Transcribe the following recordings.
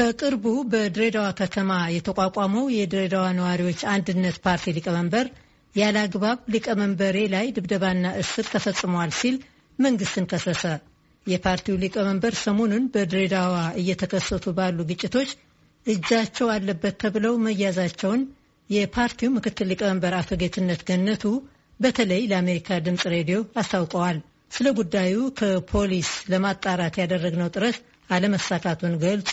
በቅርቡ በድሬዳዋ ከተማ የተቋቋመው የድሬዳዋ ነዋሪዎች አንድነት ፓርቲ ሊቀመንበር ያለ አግባብ ሊቀመንበሬ ላይ ድብደባና እስር ተፈጽሟል ሲል መንግስትን ከሰሰ። የፓርቲው ሊቀመንበር ሰሞኑን በድሬዳዋ እየተከሰቱ ባሉ ግጭቶች እጃቸው አለበት ተብለው መያዛቸውን የፓርቲው ምክትል ሊቀመንበር አቶ ጌትነት ገነቱ በተለይ ለአሜሪካ ድምፅ ሬዲዮ አስታውቀዋል። ስለ ጉዳዩ ከፖሊስ ለማጣራት ያደረግነው ጥረት አለመሳካቱን ገልጾ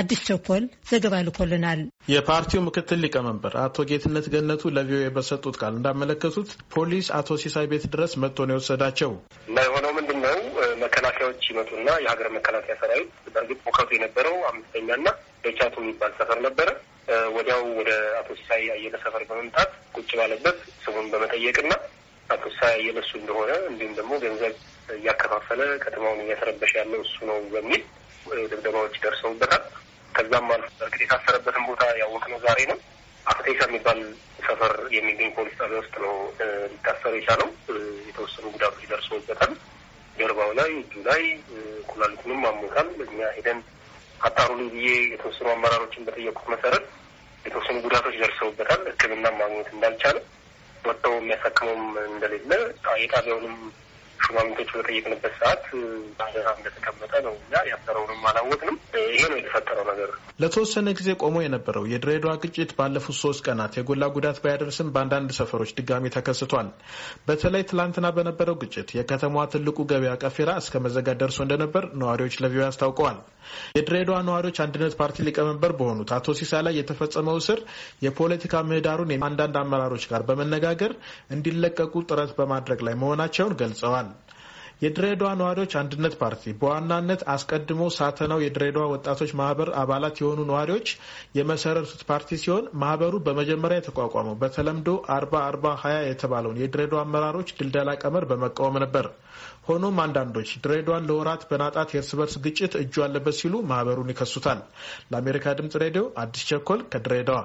አዲስ ቸኮል ዘገባ ልኮልናል። የፓርቲው ምክትል ሊቀመንበር አቶ ጌትነት ገነቱ ለቪኦኤ በሰጡት ቃል እንዳመለከቱት ፖሊስ አቶ ሲሳይ ቤት ድረስ መጥቶ ነው የወሰዳቸው። የሆነው ምንድን ነው? መከላከያዎች ይመጡና የሀገር መከላከያ ሰራዊት በእርግጥ ሙከቱ የነበረው አምስተኛና ደቻቱ የሚባል ሰፈር ነበረ። ወዲያው ወደ አቶ ሲሳይ አየለ ሰፈር በመምጣት ቁጭ ባለበት ስሙን በመጠየቅና አቶ ሲሳይ አየለ እሱ እንደሆነ እንዲሁም ደግሞ ገንዘብ እያከፋፈለ ከተማውን እያተረበሸ ያለው እሱ ነው በሚል ድብደባዎች ደርሰውበታል። ከዛም አልፎ እርግጥ የታሰረበትን ቦታ ያወቅነው ዛሬ ነው። አፍቴሳ የሚባል ሰፈር የሚገኝ ፖሊስ ጣቢያ ውስጥ ነው ሊታሰሩ የቻለው። የተወሰኑ ጉዳቶች ደርሶበታል። ጀርባው ላይ፣ እጁ ላይ፣ ኩላሊቱንም አሞታል። እኛ ሄደን አጣሩልኝ ብዬ የተወሰኑ አመራሮችን በጠየቁት መሰረት የተወሰኑ ጉዳቶች ደርሰውበታል። ሕክምና ማግኘት እንዳልቻለ ወጥተው የሚያሳክመውም እንደሌለ የጣቢያውንም ሹማምንቶች በጠየቅንበት ሰዓት ባደራ እንደተቀመጠ ነው። እኛ ያሰረውንም አላወቅንም። ይሄ ነው የተፈጠረው ነገር። ለተወሰነ ጊዜ ቆሞ የነበረው የድሬዳዋ ግጭት ባለፉት ሶስት ቀናት የጎላ ጉዳት ባያደርስም በአንዳንድ ሰፈሮች ድጋሚ ተከስቷል። በተለይ ትላንትና በነበረው ግጭት የከተማዋ ትልቁ ገበያ ቀፌራ እስከ መዘጋት ደርሶ እንደነበር ነዋሪዎች ለቪዮ አስታውቀዋል። የድሬዳዋ ነዋሪዎች አንድነት ፓርቲ ሊቀመንበር በሆኑት አቶ ሲሳ ላይ የተፈጸመው እስር የፖለቲካ ምህዳሩን አንዳንድ አመራሮች ጋር በመነጋገር እንዲለቀቁ ጥረት በማድረግ ላይ መሆናቸውን ገልጸዋል። ገልጸዋል። የድሬዳዋ ነዋሪዎች አንድነት ፓርቲ በዋናነት አስቀድሞ ሳተናው የድሬዳዋ ወጣቶች ማህበር አባላት የሆኑ ነዋሪዎች የመሰረቱት ፓርቲ ሲሆን ማህበሩ በመጀመሪያ የተቋቋመው በተለምዶ አርባ አርባ ሀያ የተባለውን የድሬዳዋ አመራሮች ድልደላ ቀመር በመቃወም ነበር። ሆኖም አንዳንዶች ድሬዳዋን ለወራት በናጣት የእርስ በርስ ግጭት እጁ አለበት ሲሉ ማህበሩን ይከሱታል። ለአሜሪካ ድምጽ ሬዲዮ አዲስ ቸኮል ከድሬዳዋ